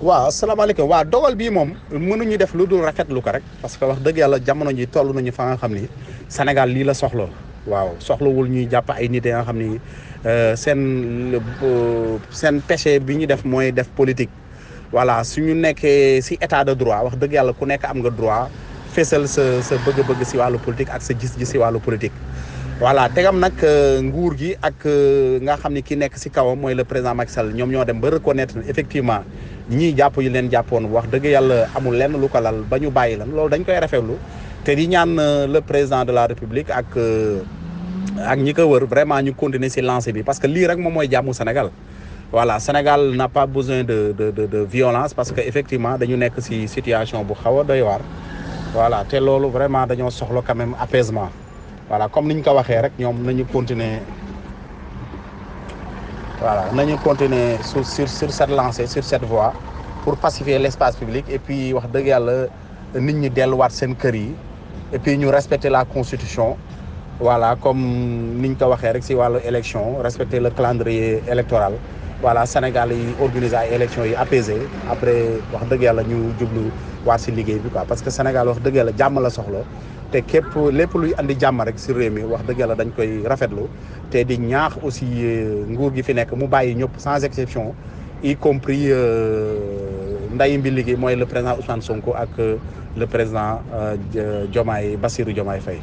waaw asalaamaaleykum waa dogal bii moom mënuñu def lu dul rafetlu ko rek parce que wax dëgg yàlla jamono ji toll nañu fa nga xam ni Sénégal lii la soxla waaw soxlawul ñuy jàpp ay nit nga xam ni euh, seen euh, seen péché bi ñu def mooy def politique su ñu nekkee si état de droit wax dëgg yàlla ku nekk am nga droit fésal sa sa bëgg-bëgg si wàllu politique ak sa jis gis si wàllu politique voilà tegam nag euh, nguur gi ak euh, nga xam ni ki nekk si kawam mooy le président Macky ñoom ñoo dem ba reconnaître effectivement ñii jàpp yu leen jàppoon wax dëgg yàlla amul lenn lu ko lal ba ñu bàyyi lan loolu dañu koy rafetlu te di ñaan euh, le président de la république ak ak ñi ko wër vraiment ñu continuer si lancé bi parce que lii rek moom mooy jàmmu Sénégal voilà Sénégal n'a pas besoin de de de de violence parce que effectivement dañu nekk si situation bu xaw a doy voilà te loolu dañoo soxla quand même voilà comme ni ñu ko waxee rek ñoom nañu continuer voilà nañu continuer sur sur sur cette lancée sur cette voie pour pacifier l'espace public et puis wax dëgg yàlla nit ñi delluwaat seen kër yi et puis ñu respecter la constitution voilà comme niñ ko waxee rek si wàllu élection respecter le calendrier électoral voilà Sénégal yi organiser ay yi apaisées après wax dëgg yàlla ñu jublu waat si liggéey bi quoi parce que Sénégal wax dëgg yàlla jàmm la soxla te képp lépp luy andi jàmm rek si réew mi wax dëgg yàlla dañ koy rafetlu te di ñaax aussi euh, nguur gi fi nekk mu bàyyi ñëpp sans exception y compris euh, ndayi mbi liggéey mooy le président Ousmane Sonko ak euh, le président Diomaye bassiru Diomaye Faye